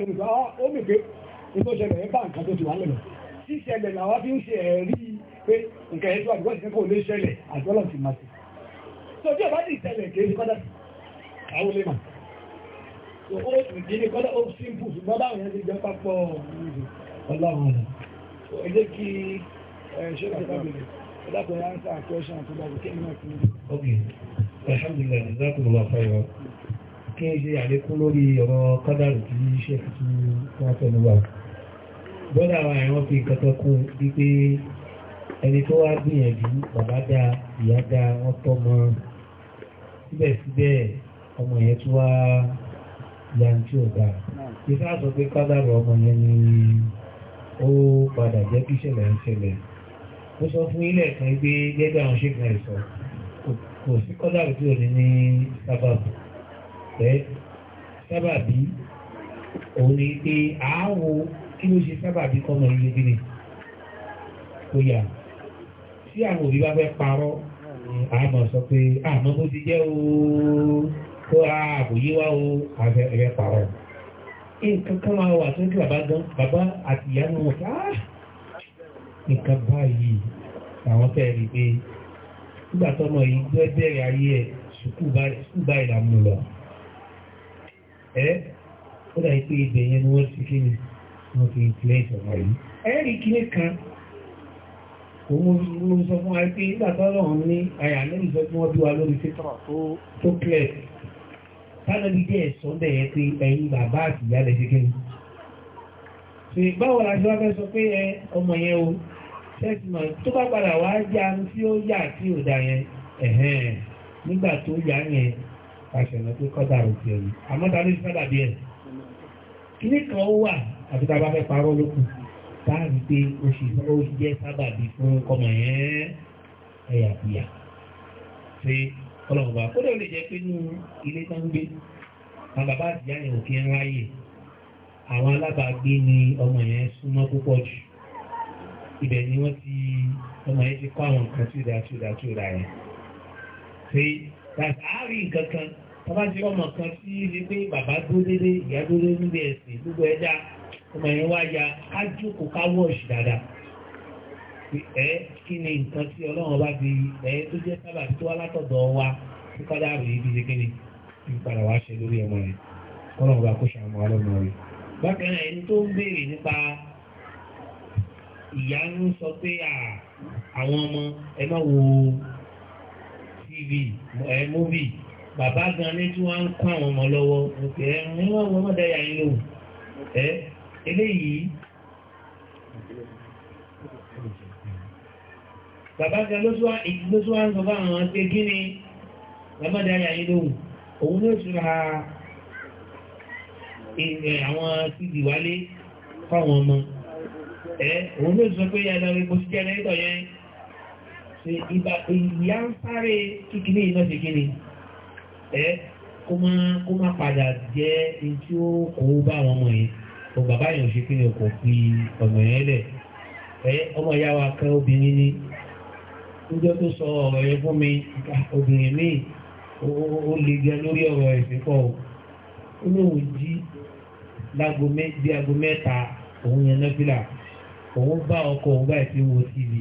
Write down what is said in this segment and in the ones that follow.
èrùbá ó mì pé nǹkan ṣẹlẹ̀ ẹ̀ bá nǹkan tó ti wà lẹ̀lọ̀ tí ṣẹlẹ̀ làwa fi ń ṣe ẹ̀rí pé nǹkan ẹ̀ṣọ́ àdúgbò ti kẹ́kọ̀ọ́ lé ṣẹlẹ̀ àjọlọ̀ ti máa ti so tí ẹ̀ bá ti ṣẹlẹ̀ kì í ṣe kọ́dà àwọn olè mà so ó ìdí ní kọ́dà ó simple ṣùgbọ́n báwọn yẹn ti jẹ́ pápọ̀ ọlọ́run rẹ̀ so ẹ jẹ́ kí ṣé ìgbàgbọ́ Okay. Alhamdulillah, jazakumullah khairan kí n ṣe àlékún lórí ọ̀rọ̀ kádàrù tí ṣe fi wọ́n fẹ́nu wà bọ́dà wa àwọn fi nǹkan kan kún wípé ẹni tó wá gbìyànjú bàbá dá ìyá dá wọ́n tọ́mọ síbẹ̀síbẹ̀ ọmọ yẹn tó wá yantí ò dáa ìfẹ́ àsọ pé kádàrù ọmọ yẹn ni ó padà jẹ́ kí ìṣẹ̀lẹ̀ ń ṣẹlẹ̀ ó sọ fún ilé ẹ̀kan gbé gẹ́gẹ́ àwọn ṣègùn ẹ̀sọ́ kò sí kádàrù tí ò ní ní sábàbù ìfẹ́ sábàbí òun ni pé àáwo kí ló ṣe sábàbí kọ́mọ ilé gíní tó yà tí àwọn òbí bá fẹ́ parọ́ àmọ̀ sọ pé àmọ́ bó ti jẹ́ ooo kó ààbò yí wá o àfẹ́ ẹ̀rẹ́ parọ́ nǹkan kan máa wà tó ń kí bàbá gan bàbá àti ìyá nù wọn káà nǹkan báyìí àwọn fẹ́ rí pé nígbà tọ́mọ yìí gbẹ́ bẹ̀rẹ̀ ayé ẹ̀ sùkúù báyìí làmú ẹ́ ó dà pé ibẹ̀ yẹn ni wọ́n ti kí ni wọ́n fi ìpìlẹ̀ ìṣọ̀rọ̀ yìí ẹ̀rí kíní kan òun ló sọ fún wa pé nígbà tọ́lọ̀ ń ní àyà lórí sọ fún ọdún wa lórí fítọ̀ tó kílẹ̀ tánàbí jẹ́ ẹ̀sọ́ bẹ̀yẹ pé ẹ̀yin bàbá àti ìyá lẹ́sẹ̀ kí ni ṣe báwo la ṣe wá fẹ́ sọ pé ẹ ọmọ yẹn o ṣẹ́ẹ̀tì mọ̀ tó bá padà wá yá tí ó yà tí ò dá yẹn ẹ̀hẹ́n nígbà tó yá yẹn kàṣẹ̀nà tó kọ́dà òkè ẹ̀yìn àmọ́ta ló ti fẹ́dà bí ẹ̀ kíní kan ó wà àti tá a bá fẹ́ parọ́ lókun táàrí pé oṣù ó jẹ́ sábàbí fún ọmọ yẹn ẹ̀yàbíyà ṣe ọlọ́mọba ó lè jẹ́ pé nínú ilé tó ń gbé àwọn bàbá àtìyá yẹn ò kí ń ráyè àwọn alábàágbé ni ọmọ yẹn súnmọ́ púpọ̀ jù ibẹ̀ ni wọ́n ti ọmọ yẹn ti kọ́ àwọn nǹkan tí ó dáa tí ó dáa tí ó dáa yẹn tàbí nǹkan kan bàbá ti ọmọ kan tí ní pé bàbá dúró dédé ìyá dúró dédé níbi ẹ̀sìn gbogbo ẹja ọmọ yẹn wá ya ká jókòó ká wọ́ọ̀ṣì dáadáa ẹ kí ni nǹkan tí ọlọ́run bá fi ẹ tó jẹ́ sábà tó wá látọ̀dọ̀ wa tó kọ́dà rèé bí ṣe kéde kí n padà wá ṣe lórí ọmọ rẹ̀ kọ́lọ́run bá kó ṣàmù ọlọ́run rẹ̀. bákan náà ẹni tó ń béèrè nípa ìyá ń sọ pé àwọn ọmọ ẹ má wo tv ẹ̀ múvì bàbá gan ní tí wọ́n ń kọ́ àwọn ọmọ lọ́wọ́ ẹ̀ ń wọ́n wọ́n mọ̀ dáyà ń lò ẹ̀ eléyìí bàbá gan ló tún wá ń sọ fún àwọn pé kí ni bàbá dáyà ń lò òun ló tún ra àwọn tv wálé fáwọn ọmọ ẹ̀ òun ló sọ pé yàtọ̀ epo sí jẹ́nẹ́tọ̀ ìgbà ìyá ń sáré kíkiri iná ṣe gíní ẹ́ kó má padà jẹ́ in tí ó kó bá àwọn ọmọ yìí kò bàbá yìí ò ṣe kí o kò fi ọmọ yẹn lẹ̀ ẹ́ ọmọ ìyá wa kan obìnrin ni níjọ́ tó sọ ọ̀rọ̀ yẹn fún mi obìnrin míì ó lè jẹ lórí ọ̀rọ̀ ẹ̀sìn pọ̀ ó lóun jí lágo mẹ́ta òun yẹn náfìlà òun bá ọkọ òun báyìí fi wo tv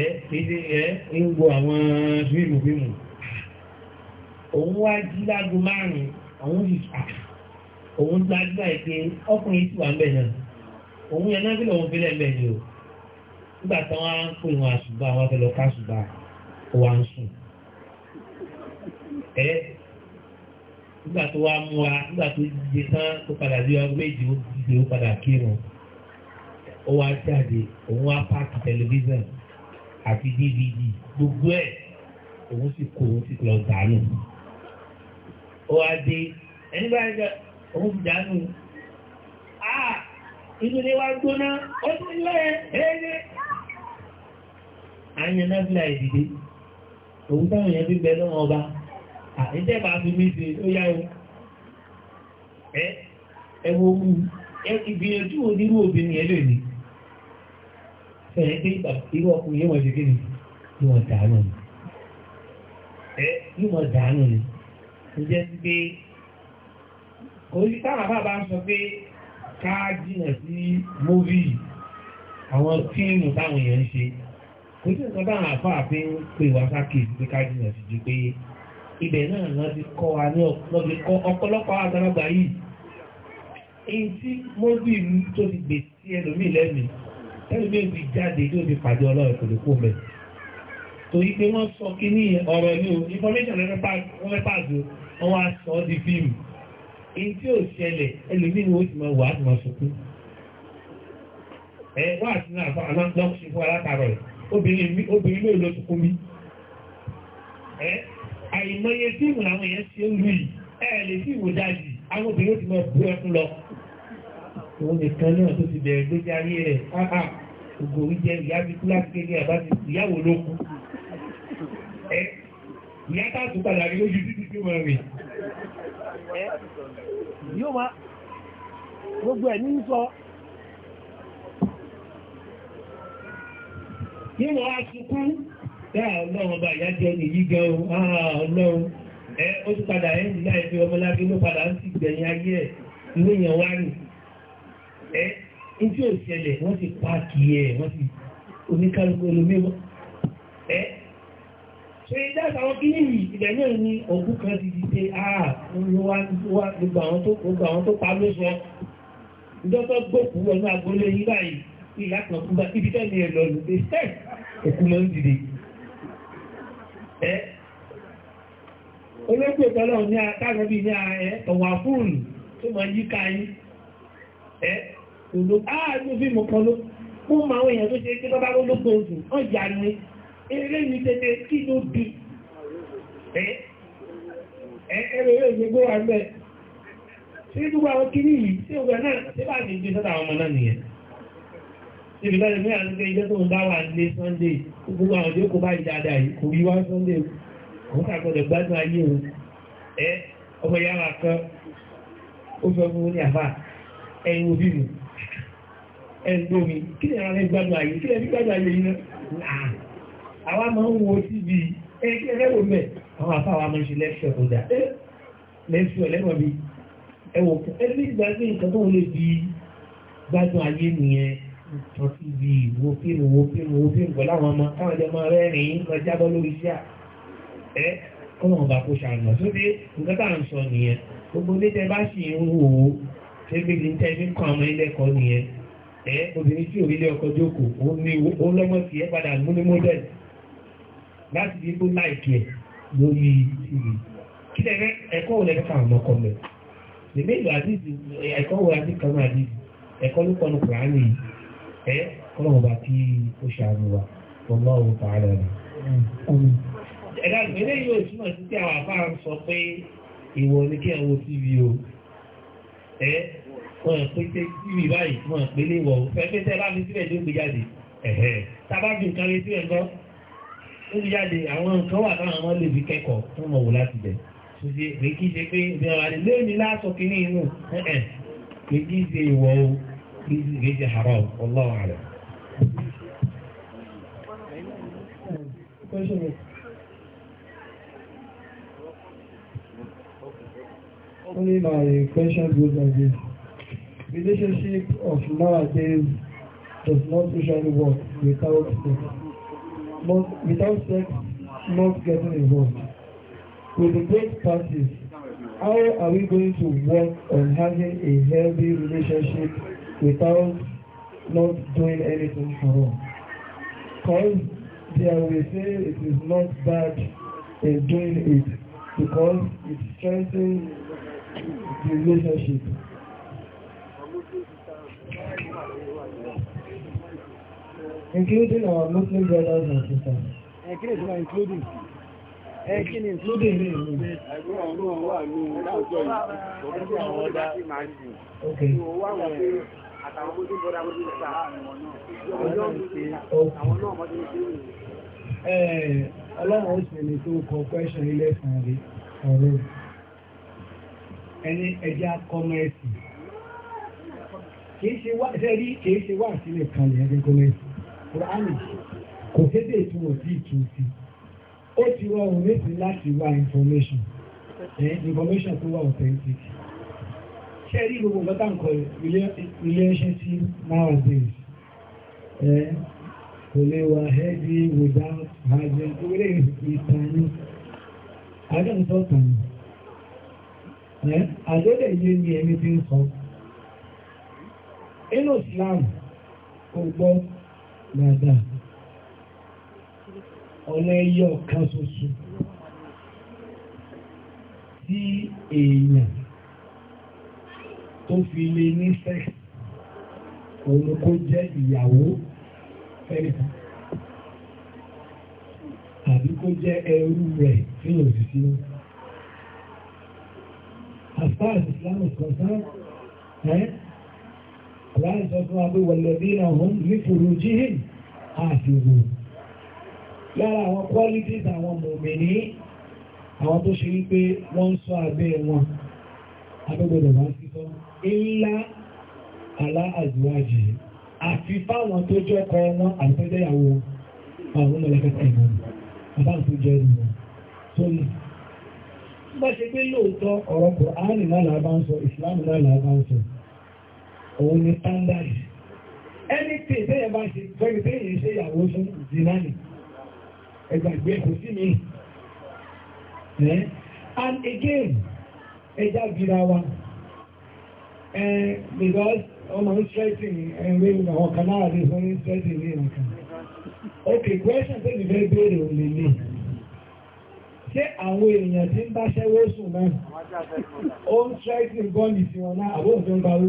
ẹ́ kéde ẹ́ ń wo àwọn fíìmù fíìmù òun wá jí lágo márùn-ún àwọn òṣìṣà òun gbájúgbà ẹ̀ pé ọkùnrin tí wà ń bẹ̀ náà òun yẹn náà bí lòun fi lẹ́ẹ̀mẹ́ ni o nígbà táwọn á ń pè wọn àṣùgbà wọn fẹ́ lọ ká àṣùgbà ó wá ń sùn ẹ nígbà tó wá mú wa nígbà tó dìde tán tó padà bí wọn méjì ó dìde ó padà kírun ó wá jáde òun wá páàkì tẹlifíṣàn àti dvd gbogbo ẹ̀ òun sì kó òun sì lọ dànù ó wá dé ẹni bá yẹ òun fi dànù inú ilé wa gbóná ó ti lẹ́ ẹ̀ẹ́dẹ́ àyàn náà fìlà ìdìde òun táwọn èèyàn fi bẹ lọ́wọ́ ọba àìjẹ́bà fi mí ṣe ó yá o ẹ ẹ wo mú ẹ ìgbìyànjú onírú obìnrin ẹ lè ní ẹ̀yẹ́ pé irú ọkùnrin yóò mọ̀ ṣe kíni yóò mọ̀ dànù ni ẹ yóò mọ̀ dànù ni ó jẹ́ sí pé orí táwọn bàbá ń sọ pé ká jìnà sí móvì àwọn fíìmù táwọn èèyàn ń ṣe kò sí nǹkan táwọn àfáà fi ń pè wá sákè sí pé ká jìnà sí ju pé ibẹ̀ náà lọ́ ti kọ́ wa ní ọ̀pọ̀lọpọ̀ àgbàlagbà yìí èyí tí móvì tó ti gbèsè ẹlòmíì lẹ́mìí tẹ́lú bí ibi jáde tó ti pàdé ọlọ́rẹ̀ kò lè kó mẹ́ torí pé wọ́n sọ kí ní ọ̀rọ̀ ní o information wọ́n fẹ́ pàdé wọ́n wá sọ ọ́ di fíìmù èyí tí ò ṣẹlẹ̀ ẹlòmínú ó ti máa wà á ti máa sọkún ẹ wá àti náà fún aláǹdọ́kùnṣe fún alákàrọ̀ rẹ̀ obìnrin mi obìnrin mi ò lọ sọkún mi ẹ àìmọye fíìmù làwọn èèyàn ṣe ń lù yìí ẹ lè fíìmù dájì àwọn obìnrin ó ti máa bú ẹkún lọ òun nìkan náà tó ti bẹ̀rẹ̀ gbé jáyé rẹ̀ áhà ògbò oúnjẹ ìyá ti kú láti kéde àbá ti ìyàwó ló kú ẹ ìyá káàtó padà rí lójú títí tí wọ́n rìn yóò máa gbogbo ẹ̀ ní sọ nínú aṣùkú dáa ọlọ́run bá ìyá jẹ́ ní yíga ọlọ́run ẹ ó ti padà ẹ̀ nílá ẹ̀fẹ́ ọmọlábí ló padà ń sì gbẹ̀yìn ayé ẹ́ ojú ìṣẹ̀lẹ̀ wọ́n ti pààkì ẹ̀ wọ́n ti oníkálukú olómi wọ́n ẹ́ ṣe ìdáta àwọn kí nìyí ìgbẹ̀ náà ni ọgbùn kan ti di pé àà ah, gbogbo àwọn tó pa ló sọ ìjọ́tọ́ gbòkú wọnú agbolé yí báyìí ìyá kan kú bá ibi tẹ́lẹ̀ ẹ̀ lọ lù pé ṣẹ́ òkú mọ́ ń dìde ẹ́ olóògbé ìtọ́lọ́ ní àtàrẹ́bí ní ààrẹ ọ̀wà fúrùn tó mọ̀ yíká yí ẹ́ àtòló ààrùn fíìmù kan ló mú ma àwọn èèyàn tó ṣe kí bábá lólógbò oṣù wọ́n yà ní eré mi tẹ́tẹ́ kí ló bí ẹ̀ẹ́rẹ́ eré ìgbégbó wa mẹ́ ṣe gbogbo àwọn kiri yìí tí ó gbà náà tí bá ti gbé sọ́dọ̀ àwọn ọmọ náà nìyẹn níbi lọ́dẹ̀ mẹ́rin àti pé ìjọ́ tó ń bá wà ní Sunday gbogbo àwọn tí ó kó bá ìdáadà yìí kò rí wá Sunday kò sàgbọ́dọ̀ gbádùn ayé o ẹ ọmọ yàrá kan ó fẹ́ fún ní àfà ẹ̀yìn òbí mi ẹ̀gbọ́n mi kí lè rárẹ̀ gbádùn àyè kí lè fi gbádùn àyè yìí náà àwa máa ń wo síbi ẹgbẹ́ ẹ̀rọ mẹ́ àwọn afáwa máa ń ṣe lẹ́ṣọ̀ tó dà ẹ́ lẹ́ṣọ̀ lẹ́wọ̀n mi ẹ̀wọ̀ ẹni ìgbà sí nǹkan tó lè di gbádùn àyè nìyẹn wọ́n ti di wo fíìmù wo fíìmù wo fíìmù pẹ̀lú àwọn ọmọ káwọn jẹ́ máa rẹ́rìn-ín máa jábọ́ lórí iṣẹ́ ẹ́ kọ́nà ọba kó ṣàrùn sóde nǹkan tá à ń sọ nìyẹn gbogbo létẹ bá sì ń wò ó ṣé bí fi ń kọ́ ọmọ ilé ẹ̀kọ́ nìyẹn ẹ́ obìnrin tí orílẹ̀ ọkọ̀ jókòó òun ni ó lọ́mọ sí ẹ́ padà múlé mọ́dẹ̀lì láti bí ó láìkí ẹ̀ lórí ìrì kí lẹ́rẹ́ ẹ̀kọ́ òun lẹ́fẹ́ àwọn ọkọ̀ mẹ́ lèmi ìlú àdìsí ẹ̀kọ́ òun àti kan àdìsí ẹ̀kọ́ ló pọnu kùránì ẹ̀ kọ́lọ́mù bá kí ó ṣàánú wa ọmọ òun tààrà rẹ̀. ẹ̀dá ìgbẹ́lẹ̀ yóò túmọ̀ sí pé àwọn àbá ń sọ pé ìwọ ni kí ẹ wo tv o ẹ̀ wọn pé pé tíwì báyìí wọn pé lè wọ̀ fẹ́fẹ́ tẹ́ bá fi síbẹ̀ ló gbé jáde ẹ̀hẹ́ tábàjù nǹkan lè síbẹ̀ ńkọ́ ó ti jáde àwọn nǹkan wà táwọn ọmọ lè fi kẹ́kọ̀ọ́ wọn mọ̀ wò láti bẹ̀ tó ṣe pé kí ṣe pé ìbí ọ̀rọ̀ àdé lónìí láàṣọ kìíní inú ẹ̀ẹ́ pé kí ṣe ìwọ̀ o kí ṣe ṣe haram Allahu a'lam. Only my question goes like this. Relationship of nowadays does not usually work without sex. Not, without sex not getting involved. With the great parties, how are we going to work on having a healthy relationship without not doing anything wrong? Because there we say it is not bad in doing it because it strengthens the relationship. including our Muslim brothers and sisters. Eh, including, ìtumọ̀ including. Ẹ̀kíni eh, eh, including ní ìlú. Ẹ̀gbọ́n ọ̀rọ̀ wà ní láwùjọ yìí, ọ̀rọ̀ tí àwọn ọ̀dá máa ń sìn. Ok. Wọ́n wà pé àtàwọn ojú bọ́dá bó ti ń ta àwọn náà. Àwọn náà máa ti ń ṣe é. Ẹ̀ẹ́ ọlọ́run ó sì ní tó kọ question ilé ẹ̀sìn rẹ̀ ọ̀rọ̀. Ẹni ẹja kọ́mẹ́sì. Kìí ṣe wá sílẹ̀ kan lè ẹgbẹ́ kọ́mẹ́sì kùránì kò sédè tí wò sí ìtúsí ó ti rọrùn méjì láti wá information information tó wà authentic ṣe rí gbogbo nǹkan tá nǹkan relation sí nowadays kò lè wà heavy without hygiene orílẹ̀ ìtàní adẹ́ǹtọ́ tàní àdẹ́lẹ̀ yé ni ẹni tí ń sọ inú Islam kò gbọ́ dáadáa ọ̀nà ẹyọ kan ṣoṣo tí èèyàn tó fi lè ní sex òun kó jẹ́ ìyàwó fẹ́nìkan tàbí kó jẹ́ ẹrú rẹ̀ tí yóò sì sí wọn. as far as Islam is concerned, eh? aláàrẹ sọ fún wa pé wọ̀lẹ̀bí náà wọ́n ní fòrò jíhìn àfihù lára àwọn qualities àwọn mòmìnì àwọn tó ṣe wípé wọ́n ń sọ abẹ́ wọn abẹ́gbẹ̀dẹ̀ wá sí sọ ńlá aláàzíwájì àti fáwọn tó jẹ́ ọkọ wọn àtẹ́jẹ́yàwó àwọn mọ̀lẹ́kẹ́ta ìmọ̀ bá ṣe pé lóòótọ́ ọ̀rọ̀ kò áàrùn náà làbá ń sọ ìsìláàmù náà làbá ń sọ òun ni standard ẹni tí ìtẹ́yẹ bá ṣe pẹ́lú tẹ́yẹ ṣe ìyàwó fún ìdínáàlì ẹgbàgbé kò sí mi and again ẹjá gbìra wa because ọmọ ń stressing ẹ̀rẹ́ àwọn kan náà lè fún ń stressing ní ìrànkà ok question tẹ́lẹ̀ fẹ́ béèrè ò lè lè ṣé àwọn èèyàn tí ń bá ṣẹ́wó sùn náà ó ń stressing bọ́ọ̀lì sí wọn náà àbóhùn tó ń bawó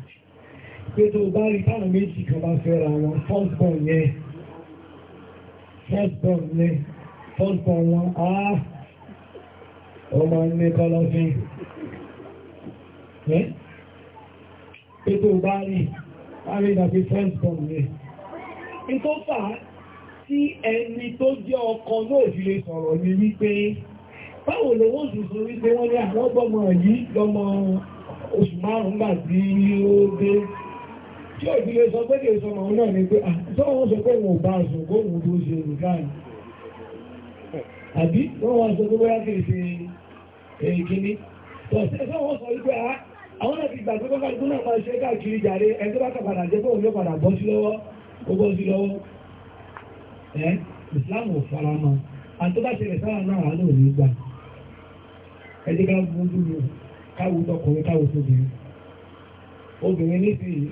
pé tó bá rí táwọn méjì kan bá fẹ́ra wọn first born yẹn first born yẹn first born wọn á ọmọ ní kọlọ́fín pé tó bá rí táwọn ìdàbí first born yẹn nǹkan fà á tí ẹni tó jẹ́ ọkọ náà fi lè sọ̀rọ̀ ní wípé báwo lówó òṣùṣù wípé wọ́n ní àwọn ọgbọ́mọ yìí lọ́mọ oṣù márùn-ún gbà tí ó dé tí òbílẹ̀ sọ pé kìí sọmọ náà ní pé àtọ́wọ́n ah, sọ pé wọn ò bá sùn kó òun tó ṣe nìkan àbí wọ́n wá sọ pé bóyá kìí ṣe èkìní tọ̀sẹ̀ sọ́wọ́n sọ wípé ah, àwọn náà ti gbà pé kọ́kọ́ ìgbóná kan ṣe káàkiri jàre ẹni tó bá kàpadà jẹ́ pé òun yóò padà bọ́ sí lọ́wọ́ ó bọ́ sí lọ́wọ́ ẹ́ Islam ò fara mọ́ àti tó bá ṣẹlẹ̀ sára náà á lóòrè gbà ẹ̀dí ká bójú káwù tọkùnrin káwù tóbi obìnrin nísìnyí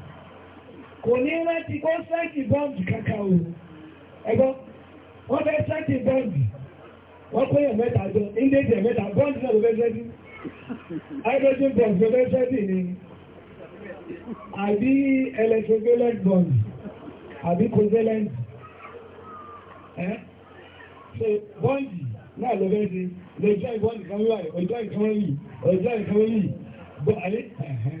kò ní rántí kó sẹ́ẹ̀kì bọ́ọ̀dù kankan o ẹgbọ́n wọ́n fẹ́ sẹ́ẹ̀kì bọ́ọ̀dù wọ́n pé ẹ̀ mẹ́ta jọ index ẹ̀ mẹ́ta bọ́ọ̀dù náà ló fẹ́ sẹ́ẹ̀dì hydrogen bond ló fẹ́ sẹ́ẹ̀dì ni àbí electrovalent bond àbí covalent ẹ́ ṣe bọ́ọ̀dù náà ló fẹ́ sí lọ́jọ́ ìbọ́ọ̀dù kan wíwáyé ọjọ́ ìkan wọ́n yìí ọjọ́ ìkan wọ́n yìí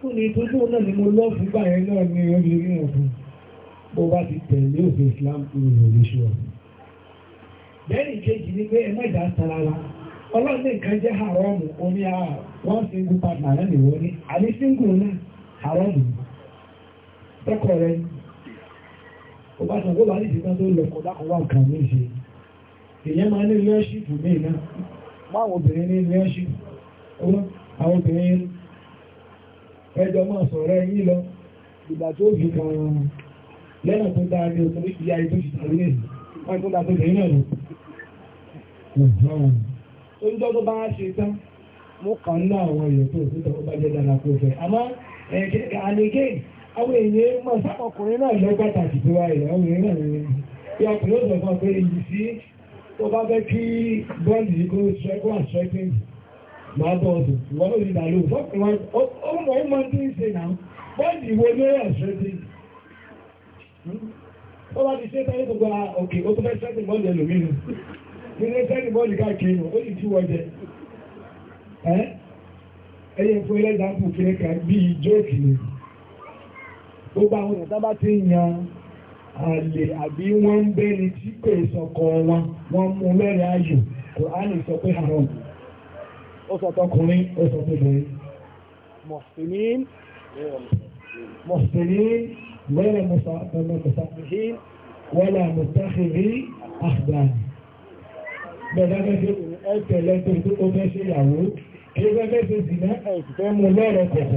fún ni tó tóun náà ni mo lọ́ fún gbà yẹn náà ni ẹni rí òfin bó bá ti tẹ̀lé òfin Islam kúrò lórí ṣọ́ bẹ́ẹ̀ni kejì ni pé ẹ má dá sára wa ọlọ́run ní nǹkan jẹ́ haramu omi a ah, one single partner náà nìwọ ní àní single náà haramu tọkọ rẹ ó bá sàn kó bá nìṣẹ́ náà tó lọ kọ́ dákọ̀ wá nǹkan ní ìṣe èèyàn máa ní lọ́ọ̀ṣìpù míì náà máa obìnrin ní lọ́ọ̀ṣìpù àwọn obìnrin ẹjọ́ máa sọ̀rọ̀ ẹ̀yìn lọ ìgbà tó fi kan lẹ́nà tó dáa ní oṣù ní ìyá ètò ìtàrí ní wọ́n tó dáa tó lè náà lọ. Oúnjẹ tó bá ṣe tán, mo kàn ń ná àwọn èèyàn tó òfin tó bá jẹ́ dára kó fẹ́. Àmọ́ àlejò àwọn èèyàn mọ̀ sákọkùnrin náà lọ pàtàkì tó wá ìyá àwọn èèyàn náà rẹ̀. Bí ọkùnrin ó sọ máa bọ́ ọdún ìwọ́n ló rí ìdàlú ọmọ ụmụ tí ń ṣe náà bọ́ọ̀dì ìwọ ló onye ya ó bá ti ṣe tẹ́lẹ̀ gbogbo ah, oke ó tó fẹ́ elu bọ́ọ̀lù ẹlòmínú nínú ṣẹ́dí bọ́ọ̀lù káàkiri ó sì ti wọ́jẹ ẹyẹ fún ẹlẹ́dàápù kiri kan bí i jóòkì ni gbogbo àwọn ìyàtọ̀ bá ti ń yan àlè àbí wọ́n ń bẹ́ni tí sọkọ wọn wọ́n mú mẹ́rin ayò kò á lè sọ محسنين غير محسنين محسنين ولا مستخدمين ولا متخذي أخدان بدأنا في الأنت لن تردو ماشي يعود إذا ما في الزنا فهم لا رتيح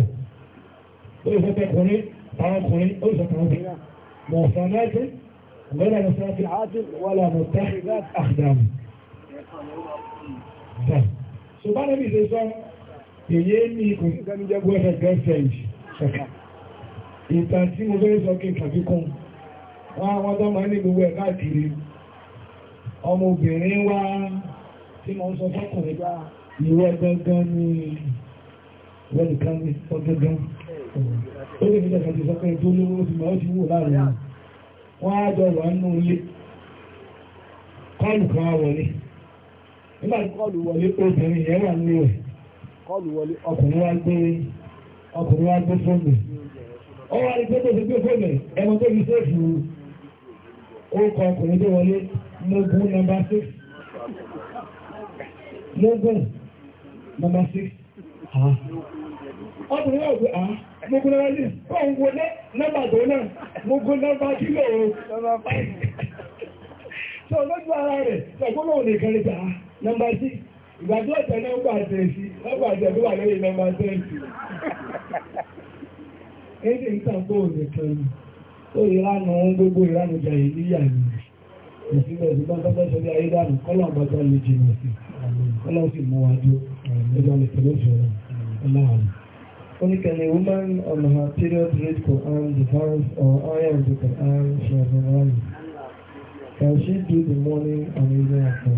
وستقومين فأقومين وستقومين محسنات ولا مستخدمين ولا متخذات أخدان so bá lẹ́bí ṣe sọ èyí ní ikùn ìgbẹ́mijẹ́gbó ẹ̀fẹ̀ girlfriend ṣẹ̀kà ìtàn tí mo fẹ́ sọ kí n kàbí kún wọ́n àwọn tó máa ní gbogbo ẹ̀ káàkiri ọmọ obìnrin wá tí mo ń sọ fọ́kùnrin bá ah, ìwọ gangan ní wẹ́nìkan ní ọgẹ́gán ó lè fi ṣẹ̀kà ti sọ pé tó lówó ti máa ti wò láàrin wọn á jọ wà nínú ilé kọ́ọ̀lù kan wọlé nígbà tí kọ́ọ̀lù wọlé obìnrin yẹn wà ní rẹ̀ kọ́ọ̀lù wọlé ọkùnrin wá gbé ọkùnrin wá gbé fóònù ó wá rí pé tó ti gbé fóònù ẹmọ tó fi séèfù ó kọ ọkùnrin tó wọlé mógún nọmba six mógún nọmba six ọkùnrin náà gbé àá mógún nọmba six ó ń wọlé nọmba tó náà mógún nọmba kílò ó nọmba lójú ara rẹ̀ ṣàgbọ́n náà ò ní kẹrìndà nọmba sí ìgbà tó ọ̀tẹ̀ náà gbà tẹ̀ sí lọ́gbà tẹ̀ tó wà lórí nọmba tẹ̀sí. Èdè ń tàn kó òde kẹrin tó ìlànà ohun gbogbo ìlànà ìjà ìyá ìlú. Ìsìnkú ẹ̀sìn bá tọ́tọ́ sórí ayé dànù kọ́lọ̀ àgbàjọ lè jìnà sí. Kọ́lọ̀ sì mú wájú ẹjọ́ lè tẹ̀lé ìṣòro ọlọ́run. Ó ní kẹ́lẹ̀ woman on her period read Quran, the verse or ayah of the Quran she has been learning. Can she do the morning and evening after?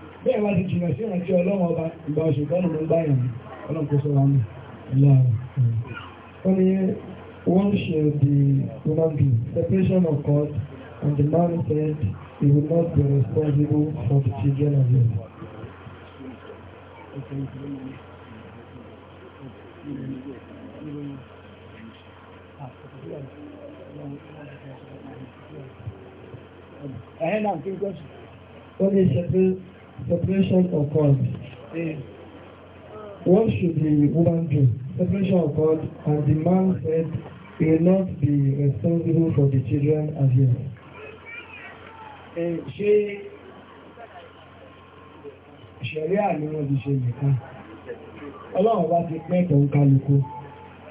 bẹ́ẹ̀ wá ti jìnà sí ìrántí ọlọ́run ọba ìgbà oṣù kan ló bá yàn ọlọ́run ní one share the human being separation of God and the man said he will not be responsible for the children of him." Ẹ̀hẹ́n náà kí n gbọ́sùn. Ó ní Separation of God. What should the woman do? Separation of God, and the man said he will not be responsible for the children as yet. Ṣé ìṣẹ̀lẹ̀ àníwọ̀n ti ṣe nìkan? Ọlọ́run bá ti pẹ́ tó ń kálukú.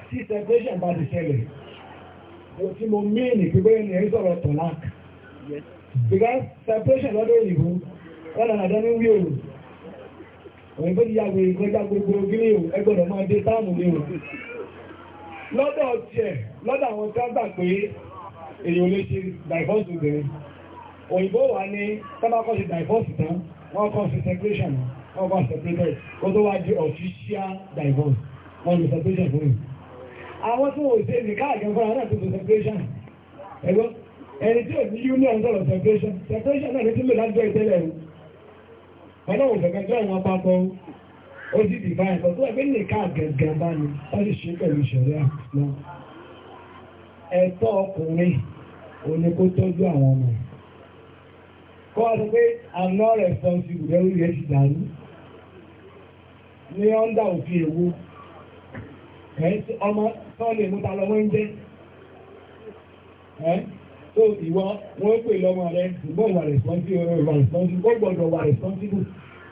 Tí separation bá ti ṣẹlẹ̀, mo tí mo mí ní pípé ní ẹ̀rí sọ̀rọ̀ tọ̀lák. Because separation lọ́dọ̀ òyìnbó ẹ̀rọ àdánù wí òun òun tó yà gbogbo gírí o máa dé táàmù ní o lọ́dọ̀ tiẹ̀ lọ́dọ̀ àwọn tí wọ́n gbà pé èèyàn lè ṣe dàìfọ́sì obìnrin òyìnbó wà ní tọ́lákọ́ ṣe tán wọ́n kọ́ separation wọ́n kọ́ separated kó tó wá di official divorce wọ́n lè separation fún mi àwọn tí wọ́n ṣe ní káàkiri fún àwọn tó separation ẹni tí ò ní union sọ̀rọ̀ ọlọ́run gẹ̀gẹ̀gẹ́ àwọn apapọ̀ ó sì ti báyìí pẹ̀lú ẹgbẹ́ nìkan gẹ̀gẹ̀ bá ní ọdí ṣe pẹ̀lú ìṣẹ̀rẹ́ àpùpọ̀ ẹ̀tọ́ ọkùnrin òní kó tọ́jú àwọn ọmọ kọ́ ọdún pé I'm not tó ìwọ wọ́n pè lọ́mọ rẹ̀ ṣùgbọ́n wà responsible wà responsible ó gbọ́dọ̀ wà responsible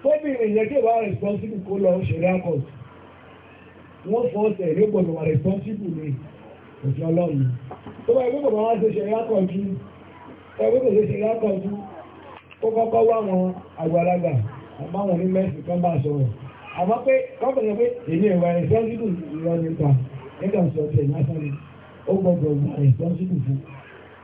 fóbìnrin yẹ kí wà responsible kó lọ ṣẹlẹ̀ akọ̀t wọ́n fọ́ ọ̀sẹ̀ ló gbọ́dọ̀ wà responsible ni òfin ọlọ́run tó bá ẹgbẹ́ bàbá wá ṣe ṣẹlẹ̀ akọ̀t ẹgbẹ́ kò ṣe ṣẹlẹ̀ akọ̀t ó kọ́kọ́ wá wọn àgbàlagbà àbáwọn ní mẹ́sì kan bá sọ̀rọ̀ àmọ́ pé kọ́kànlẹ̀ pé èmi ẹ̀wà responsible ìrọ̀ nípa nígbà sọ̀tẹ̀ lásán ni ó gbọ́dọ̀ wà responsible fún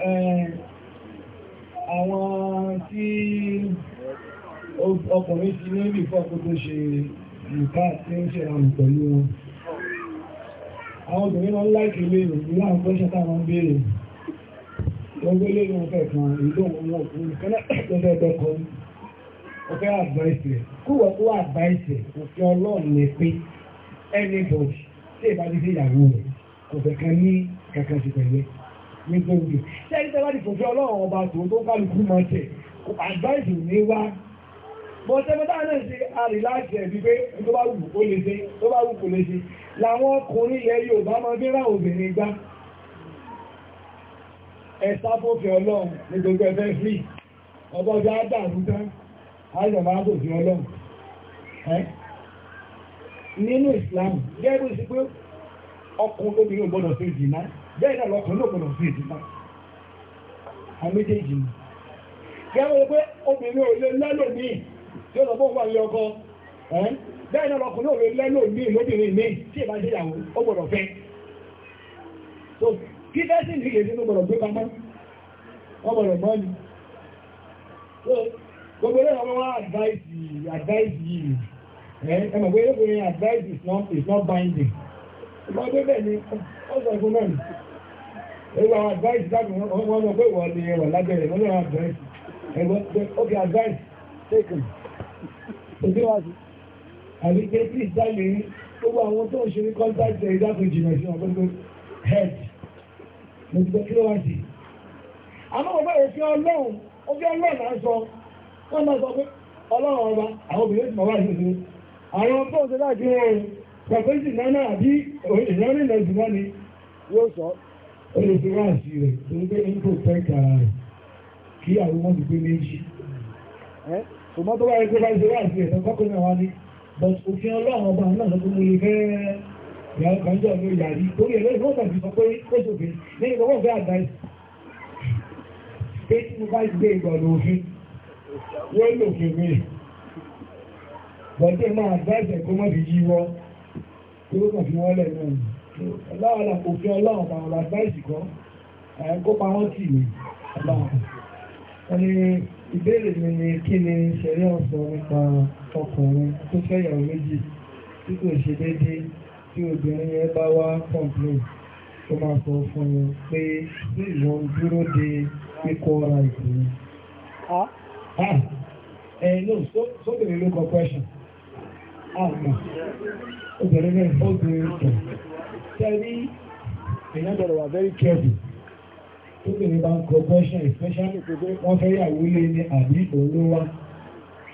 àwọn tí ọkùnrin ti ní ìfọ́ kó tó ṣe ìká tí ń ṣe àrùn pẹ̀lú wọn àwọn obìnrin lọ láìkì ilé ìròyìn àwọn tó ṣe táwọn ń béèrè gbogbo ilé ìwọ̀n fẹ́ kan ìlú òun ọkùnrin kẹ́lẹ́ pẹ̀lú ẹ̀dọ́kọ́ ọ̀fẹ́ àbáìsẹ̀ kúwọ̀ tó àbáìsẹ̀ òfin ọlọ́run lè pé ẹnìbọ̀dì tí ìbá ti fi ìyàwó rẹ̀ kò fẹ́ kan ní gbòǹgbò ṣẹ́ni tẹ́lá ní kò fẹ́ ọlọ́run ọba tó tó kálukú máa tẹ̀ advice ní wá bọ́sẹ̀mọ́tà náà ṣe àríláàtì ẹ̀bí pé tó bá wù ó lè ṣe tó bá wù kò lè ṣe làwọn ọkùnrin ilẹ̀ Yorùbá máa bí ra obìnrin gbá ẹ̀sá fófẹ́ ọlọ́run ní gbogbo ẹ̀fẹ́ free ọbọ̀jọ́ àdàrúdá àìjọba àbòfin ọlọ́run nínú Islam gẹ́gbẹ́ sí pé ọkùnrin obìnrin ò gbọ́dọ̀ sí ìdìnnà bẹ́ẹ̀ náà lọ́kùnrin lọ́gbọ̀nà sí Amejeji àméjèèjì ni gẹ́gẹ́ pé obìnrin ò lè lẹ́lò ní tí ó lọ́gbọ́n wà ní ọkọ bẹ́ẹ̀ náà lọ́kùnrin ò lè lẹ́lò ní lóbìnrin ní tí ìbá ṣe ìyàwó ó gbọ́dọ̀ fẹ́ so kí fẹ́sì ní kèsì ló gbọ́dọ̀ gbé pamọ́ wọ́n gbọ́dọ̀ mọ́ ni so gbogbo ilé wa advice yìí advice yìí ẹ mọ̀ pé ẹgbẹ̀rin advice is not binding bẹ́ẹ̀ ni sọ ewu àwọn advice láti wọ́n wọ́n lọ pé wọ́n lè wà lábẹ́rẹ̀ wọ́n lọ́wọ́ advice ẹgbọ́n pé ok advice taken òbí wá sí àbí pé tí ìsáìlè yìí gbogbo àwọn tó ń ṣe ní contact ẹ̀ ìdákùn ìjìnà sí wọn gbogbo head mo ti gbọ́ kí ló wá sí. àmọ́ bàbá yẹn fi ọlọ́run ó fi ọlọ́run náà sọ wọ́n máa sọ pé ọba àwọn obìnrin ti ó lè fi àti rẹ̀ tó ń gbé ní kò kàrà rẹ̀ kí àwọn ọmọ ti gbé méjì ṣùgbọ́n tó bá yẹ kó bá ṣe wá àti rẹ̀ tó kọ́kọ́ náà wá but òfin ọlọ́run ọba náà lọ́kọ́ mo lè fẹ́ ìyàwó kan jọ ní torí ẹ̀rọ ìwọ́n tàbí sọ pé ó ṣòfin lẹ́yìn lọ́wọ́ fẹ́ àdáyé pé tí mo bá gbé ìgbọ̀nà òfin wọ́n lò fún mi bọ́dé máa àdáyé ẹ̀kọ́ mọ́ fi yíwọ́ tó kàn fi wọ́n náà ọlọ́run là kò fi ọlọ́run pa ọ̀rọ̀ àgbáìsì kan kópa wọn tì mí ọlọ́run. wọ́n ní ìbéèrè mi ni kí ni ṣẹ̀rí ọ̀sán nípa ọkùnrin tó fẹ́yàwó méjì tí kò ṣe déédéé tí obìnrin yẹn bá wá kọ̀ǹpìlẹ̀ tó máa sọ fún un pé ṣé ìwọ dúró de kíkọ́ ra ìpín. ẹ no sóbìnrin ló kọ question. obìnrin náà ó gbé ìtàn tẹ́rí èèyàn gbọ́dọ̀ wà very careful tó bèèrè bá ń kọ question especially pé wọ́n fẹ́ yà wúlé ní àbí òun wá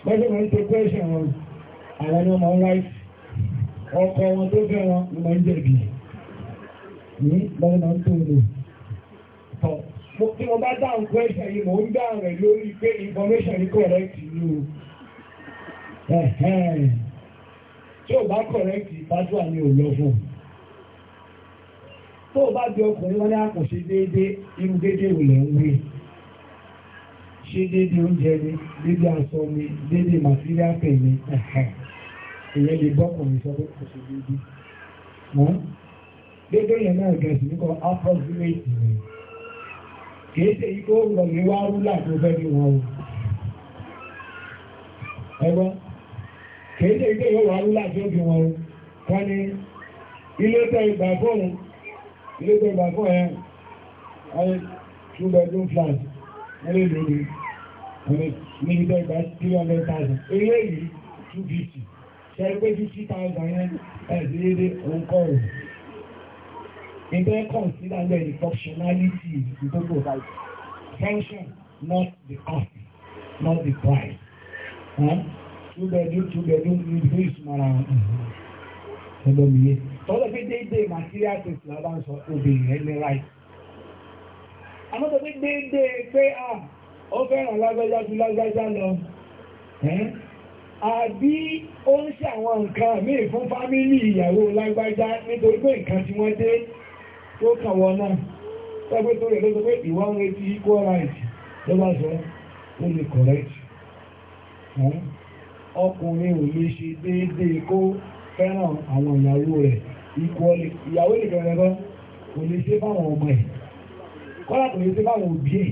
gbọ́dọ̀ wọ́n ṣe question wọn àwọn ni wọ́n máa ń wáyé ọkọ wọn tó fẹ́ wọn ló hmm? máa ń jẹ̀bi ní lọ́wọ́ máa ń tó lò mo tí mo bá dáhùn question yìí mò ń dáhùn rẹ̀ lórí pé information yìí correct ni o tí ò bá correct ìbájú àmì ò lọ fún un tó o bá di ọkùnrin wọn ní àpò ṣe déédéé irú déédéé wò lẹ́ ń wé ṣe déédéé oúnjẹ ni déédéé aṣọ ni déédéé màtíríà pè ní ìyẹn lè bọ́kùnrin sọ pé kò ṣe déédéé mọ́ déédéé yẹn náà gẹ̀ẹ́sì ní kọ́ approximate ni kìí ṣe ikú ọ̀rọ̀ ní wá rúlà tó fẹ́ ní wọn o ẹgbọ́n kìí ṣe ikú ọ̀rọ̀ wá rúlà tó fi wọn o kọ́ ni ilé tẹ́ ìgbà fóun ilé tó gbà fún ẹ ayé two bedroom flat ẹlẹ́ lórí ẹ̀rẹ́ ní ìdẹ́ ìgbà three hundred thousand eré yìí two fifty ṣe pé fifty thousand yẹn ẹ̀sìn déédéé òun kọ́ rẹ̀ ìgbẹ́ consider the functionality ìgbẹ́ function not the cost not the price. Huh? Two bedroom, two bedroom, ní ìdúró ìsúnmọ́ra ẹgbẹ́ mi yé tọ́lọ́ pé déédéé material things la bá ń sọ obìnrin ẹni láì àmọ́ tó pé déédéé pé à ó fẹ́ràn lágbájá ju lágbájá lọ àbí ó ń ṣe àwọn nǹkan míì fún fámílì ìyàwó lágbájá nítorí pé nǹkan tí wọ́n dé tó kàn wọ́n náà tọ́gbé tó rẹ̀ lọ́sọ pé ìwà ń retí equal right ló bá sọ ó lè correct ọkùnrin ò lè ṣe déédéé kó fẹ́ràn àwọn ìyàwó rẹ̀ ìkọlẹ̀ ìyàwó ìgbẹ̀rẹ̀rẹ̀ kò lè ṣe báwọn ọmọ ẹ̀ kọ́lá kò lè ṣe báwọn òbí ẹ̀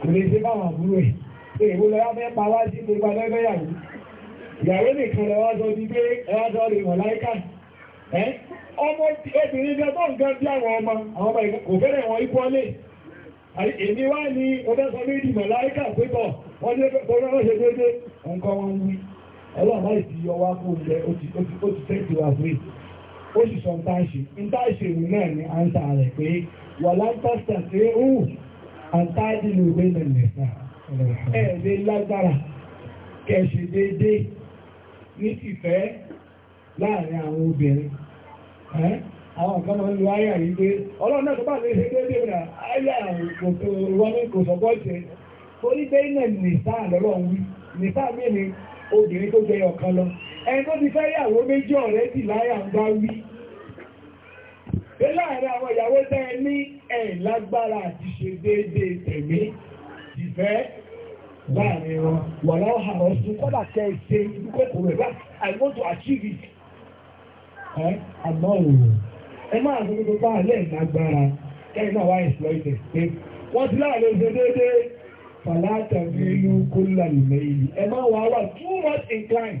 kò lè ṣe báwọn àbúrò ẹ̀ pé èwo lọ́yá fẹ́ pa wá sí gbogbo alẹ́gbẹ̀yàwó ìyàwó nìkan lọ́wọ́ sọ ti pé ẹwàjọ́ lè wọ̀n láìka ẹ́ ọmọ obìnrin gan tó nǹkan bí àwọn ọmọ àwọn ọmọ kò fẹ́rẹ̀ wọn ìkọlẹ̀ èmi wá ní ọdọ́sọ méjì mọ̀ láìka pépọ̀ wọ́n jẹ́ pé ọlọ́rọ̀ ṣe déédéé nǹkan wọn wí ọlọ́run láì ti yọ wá fún oúnjẹ ó ti tẹ́tì wá fún èyí ó sì sọ ntáṣe ntáṣe ìlú náà ní àǹtà rẹ̀ pé wà láńtàṣà pé ó àǹtáàdì ló gbé nàìjíríà ẹ̀ẹ́dẹ́ lágbára kẹ̀ṣì déédéé ní tìfẹ́ láàrin àwọn obìnrin àwọn kan máa ń lo ayé àyí pé ọlọ́run náà tó bá lè ṣe déédéé rà ayé àwọn ìwọ́n kò sọ́gbọ́ ṣe torí bẹ́ẹ̀ náà nìsáà lọ́rọ̀ wí nìsáà mí ni obìnrin tó jẹ ọ̀kan lọ ẹni tó ti fẹ́ yàwó méjì ọ̀rẹ́ sì láyà ń bá wí pé láàrin àwọn ìyàwó tẹ́ ní ẹ̀ lágbára àti ṣe déédéé tẹ̀mí ìfẹ́ láàrin wọn wà láwọn àwọn ọ̀sùn kọ́dà kẹ́ ẹ ṣe ìdúkòkò rẹ̀ bá I want to achieve it ẹ àmọ́ òòrùn ẹ máa fi gbogbo bá alẹ́ ìlágbára kẹ́yìn náà wá exploit ẹ̀ pé wọ́n ti láàrin ṣe déédéé fàlátà fi inú kólà lè mẹ́yìn ẹ máa wà wà too much inclined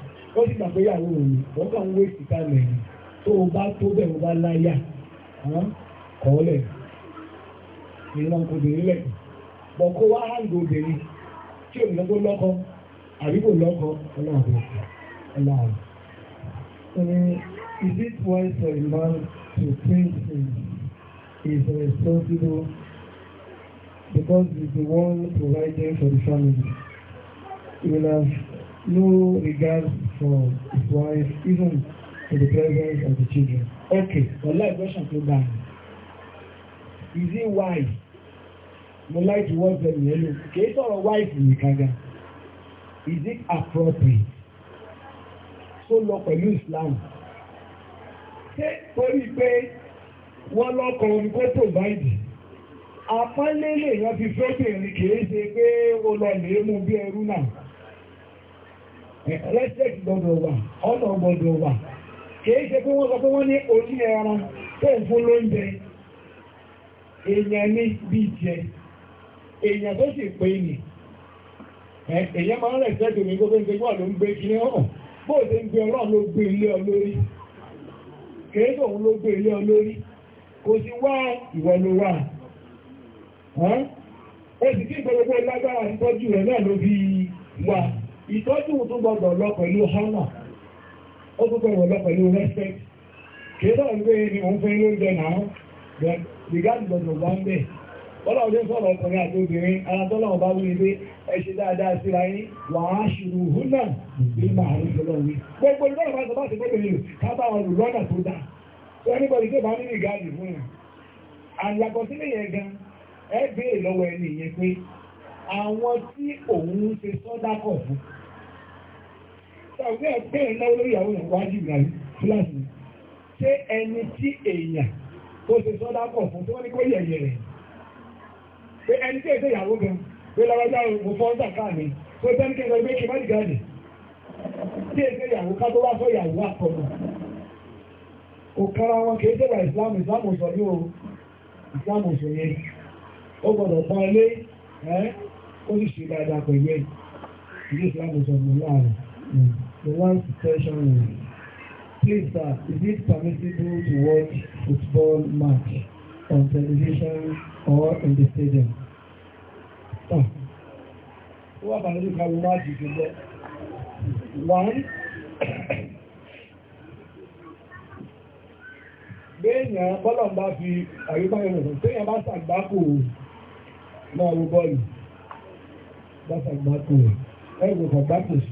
ó sì gbàgbéyàwó òní wọ́n kàn ń wé ìsìká mẹ́rin tó o bá tó bẹ̀rù bá láyà kọ́ọ̀lẹ̀ ìran kò lẹ̀ bọ̀ kó wá hàǹdù obìnrin tí ò lọ́kọ́ lọ́kọ́ àríwò lọ́kọ́ ọlọ́run ọlọ́run. Is it wise for a man to think he is responsible because he is the one providing for the family? He will have no regard for his wife, even in the presence of the children. Okay, the life question to that. Is it wise? Mo like to work them yẹn lò. Kìí sọ̀rọ̀ wife nìkan gan. Is it appropriate? Tó lọ pẹ̀lú Islam. Ṣé torí pé wọ́n lọ́kọ̀ọ́ go provide? Àpọ́nlé lèèyàn fi fẹ́ bèrè kìí ṣe pé ó lọ lè mú bí ẹrú náà. electric gbọdọ̀ wà ọ̀nà gbọdọ̀ wà kìí ṣe pé wọ́n sọ pé wọ́n ní orí ẹran tó ń fún lóúnjẹ èèyàn ní bí jẹ èèyàn tó sì pé nì èèyàn máa rẹ̀ sẹ́dùn mi gbogbo ìgbé ló ń gbé kíní ọ̀hún bó ṣe ń gbé ọlọ́run ló gbé ilé kìí òun ló gbé ilé ìtọ́jú tó gbọdọ̀ lọ pẹ̀lú hánà ó tó lọ pẹ̀lú respect kéèdà ni òun fẹ́ lóúnjẹ náà gbẹ̀gbẹ̀gbẹ̀ gbọdọ̀ bá ń bẹ̀ bọ́lá ọdún ọkùnrin àti obìnrin ara tọ́lá ọba wí dáadáa yín wà á ṣùrù gbogbo onye ọ̀gbẹ́ ọ̀gbẹ́ ìnáwó lórí àwọn ìwájú ya ní kó yẹ̀yẹ̀ rẹ̀ ya o yẹn ó gbọdọ̀ ilé ẹ́ sì ṣe dáadáa pẹ̀lú ẹ̀ The last question is, please sir, is it permissible to watch football match on television or in the stadium? Oh. What about you can watch it today? One, béèyàn bọ́lọ̀ bá fi àyíká ìrìnà téèyàn bá ṣàgbákò máa wo bọ́ọ̀lù bá ṣàgbákò ẹgbẹ̀kọ̀ gbákò sí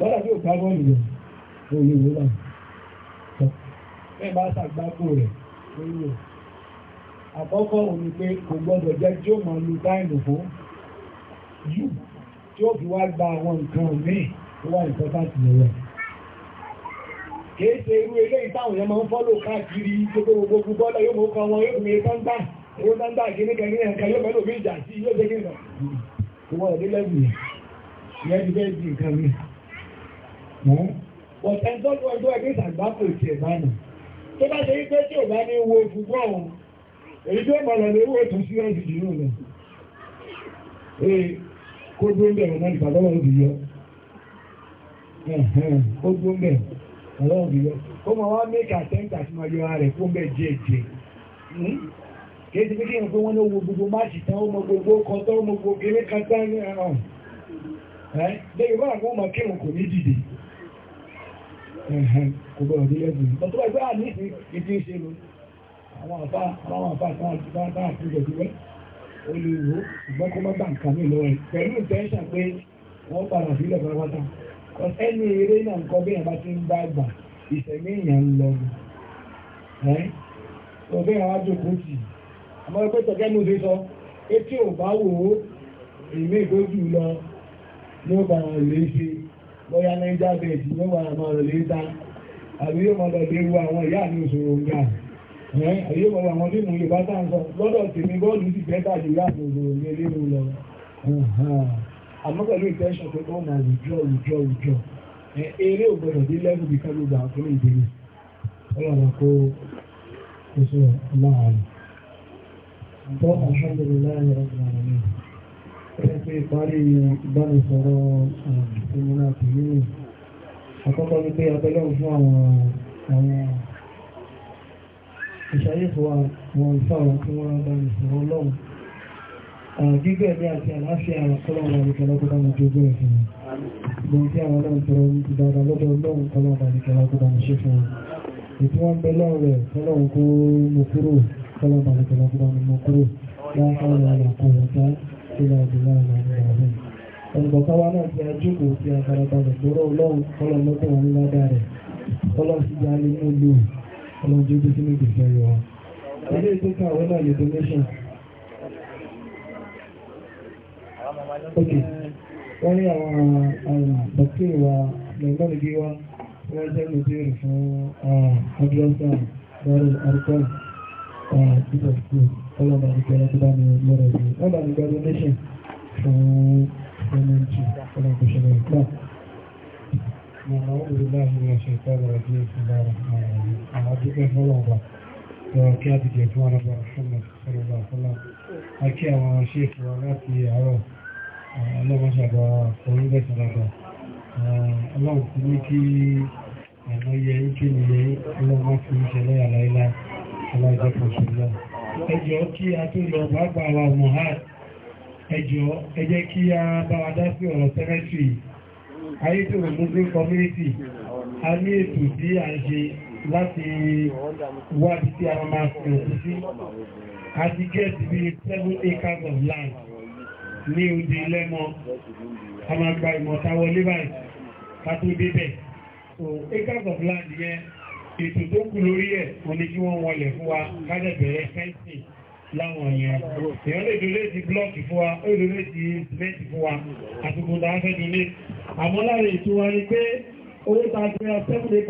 lọ́dà yóò gbá bọ́ọ̀lù rẹ̀ lórí ìwé náà bẹ́ẹ̀ bá ṣàgbákò rẹ̀ lórí rẹ̀ àkọ́kọ́ òní pé kò gbọ́dọ̀ jẹ́ tí ó mọ̀ lu táìmù fún yù tí ó fi wá gba àwọn nǹkan míì tó wà ìpọ́tàtì lọ́wọ́ kìí ṣe irú ilé ìtàwọn yẹn máa ń fọ́lò káàkiri gbogbo gbogbo bọ́ọ̀lù yóò mọ̀ kọ́ wọn yóò mú ẹ̀kọ́ ń gbà owó náà ń gbà kí ní kẹ́kẹ́ ní ẹ̀ka yóò mẹ́lò mí ìjà sí yóò jẹ́ kí nǹkan ìwọ̀n ìdílẹ́bù yẹn ti fẹ́ di nǹkan mìíràn ọ̀sẹ̀ tó lọ ọjọ́ ẹgbẹ́ ìsàgbápò ìtì ẹ̀bánà tó bá ṣe wípé tí ò bá ní wo fúgbọ́ ọ̀hún èyí tó mọ̀ lọ́lẹ̀ owó tó sí ọ̀sì jù náà ee kó dúró ń bẹ̀rẹ̀ náà ìfàlọ́wọ́ òbí yọ kó dúró ń bẹ̀rẹ̀ ọlọ́wọ́ òbí yọ ó mọ̀ wá mẹ́kà tẹ́ǹtà sí máa yọ ara rẹ̀ kó ń bẹ̀ jẹ́ jẹ́ hmm? kìí ti fi kí n fún wọn ní owó gbogbo máàṣì tán ó mọ gbogbo àwọn ọmọ kírun kò ní dìde kò gbọ́dọ̀ dé lẹ́gbẹ̀ẹ́ nǹkan tó bá gbé àní ìdí ìṣe lọ àwọn àfá àwọn àfá kan àti bá bá àti ìjọ̀dúwẹ́ ó lè wò ó ṣùgbọ́n kó má gbà nǹkan mi lọ rẹ̀ pẹ̀lú ìtẹ́ńṣà pé wọ́n padà sílẹ̀ pátápátá ẹni eré náà nǹkan bí ìyàbá ti ń bá gbà ìṣẹ̀mí èèyàn ń lọ ẹ́ ọ̀bẹ́ àwọn àjòkó tì àmọ́ ẹgbẹ́ tọ̀kẹ́ mú sí sọ etí ò bá wò ó èmi ìgbójú lọ ní ó bá wọn lè ṣe bóyá niger state ló wà àmọ́ rẹ̀ léta àbí yóò máa lọ́dẹ ru àwọn ìyá mi òṣòro ń àbí yóò máa àwọn yorùbá tá ń sọ lọ́dọ̀ tèmi bọ́ọ̀lù òṣòro ní lọ àmọ́ pẹ̀lú máa rùjọ́ rùjọ́ rùjọ́ eré dé bí gbà fún ìdílé ọlọ́run kó kó sọ ẹgbẹ́ ìparí ìbánisọ̀rọ̀ ìsinmi àti nínú àkọ́kọ́ ní pé abẹ́lẹ́wò fún àwọn àwọn ìṣàyẹ̀fọ́ àwọn ìfàwọn tí wọ́n bá ní sọ̀rọ̀ lọ́wọ́ gígbẹ̀ ní àti àláfíà kọ́lọ̀wà ìkẹlẹ́kọ́dá ní gbogbo ẹ̀fẹ́ gbogbo tí àwọn náà tọrọ ní ti dáadáa lọ́dọ̀ lọ́wọ́ kọ́lọ̀wà ìkẹlẹ́kọ́dá ní ṣe fún ìtí wọ́n bẹ lọ́wọ́ rẹ̀ kọ́lọ̀wà kó mú kúrò ìlà ìdílé àwọn ọmọ ọ̀hún. ẹnìkọ̀ọ̀kan wa náà ti ajókòó ti àkàràkàrà gbọ́rọ̀ ọlọ́run kọ́lọ̀ mọ́tò wọn ní ládàá rẹ̀ ọlọ́run sì já lé mú lò ọlọ́run tó dé sínú ìgbésẹ̀ rẹ̀ wọn. ilé ìtọ́ka àwọn náà lè donation. wọ́n ní àwọn dọ́kítà wa fún ọdún ọ̀sán lọ́rọ̀ àrùkọ́rù bíbọ̀ sí ọlọ́mọ ìgbẹ́ tó bá ní lọ́rọ̀ sí ọlọ́mọ ìgbẹ́ donation fún gọ́ọ̀mẹ̀ntì ọlọ́mọ ìṣẹ̀lẹ̀ ìgbà. Àwọn olùdáhùn ẹ̀ṣẹ̀ ìtọ́lọ̀ ọdún ìṣẹ̀lẹ̀ àwọn adúgbẹ́ fọ́lọ́ọ̀bà lọ kí á ti jẹ fún ọlọ́bà fún ọlọ́bà fọ́lá. A kí àwọn ṣe ìfọwọ́ láti àárọ̀ ọlọ́mọṣàgbà orílẹ̀-èdè ọlọ́run ti ní kí àmọ́ yẹ ń kí nìyẹn ọlọ́run fi ń ṣẹlẹ̀ àlàíláà ẹjọ́ kí a tó lọ pàápàá wa mohad ẹjọ́ ẹjẹ́ kí a bá wa dá sí ọ̀rọ̀ sẹ́mẹ́tì ayétòrò muslim community a ní ètò tí a ń ṣe láti wá bí tí a máa fi òkú sí a ti gẹ́ẹ̀tì bí 7 acres of land ní òde lẹ́mọ́ a máa gba ìmọ̀ta wọlé ká tó débẹ̀ so acres of land yẹn yeah ètò tó kù lórí ẹ̀ o ní kí wọ́n wọlẹ̀ fún wa kájẹ̀bẹ̀rẹ̀ fẹ́ǹsì láwọn èèyàn èèyàn lè donate blọ́ọ̀kì fún wa ó donate cement fún wa àti kò dáa fẹ́ donate àmọ́ láàrin ètò wa ni pé owó ta gbé ọ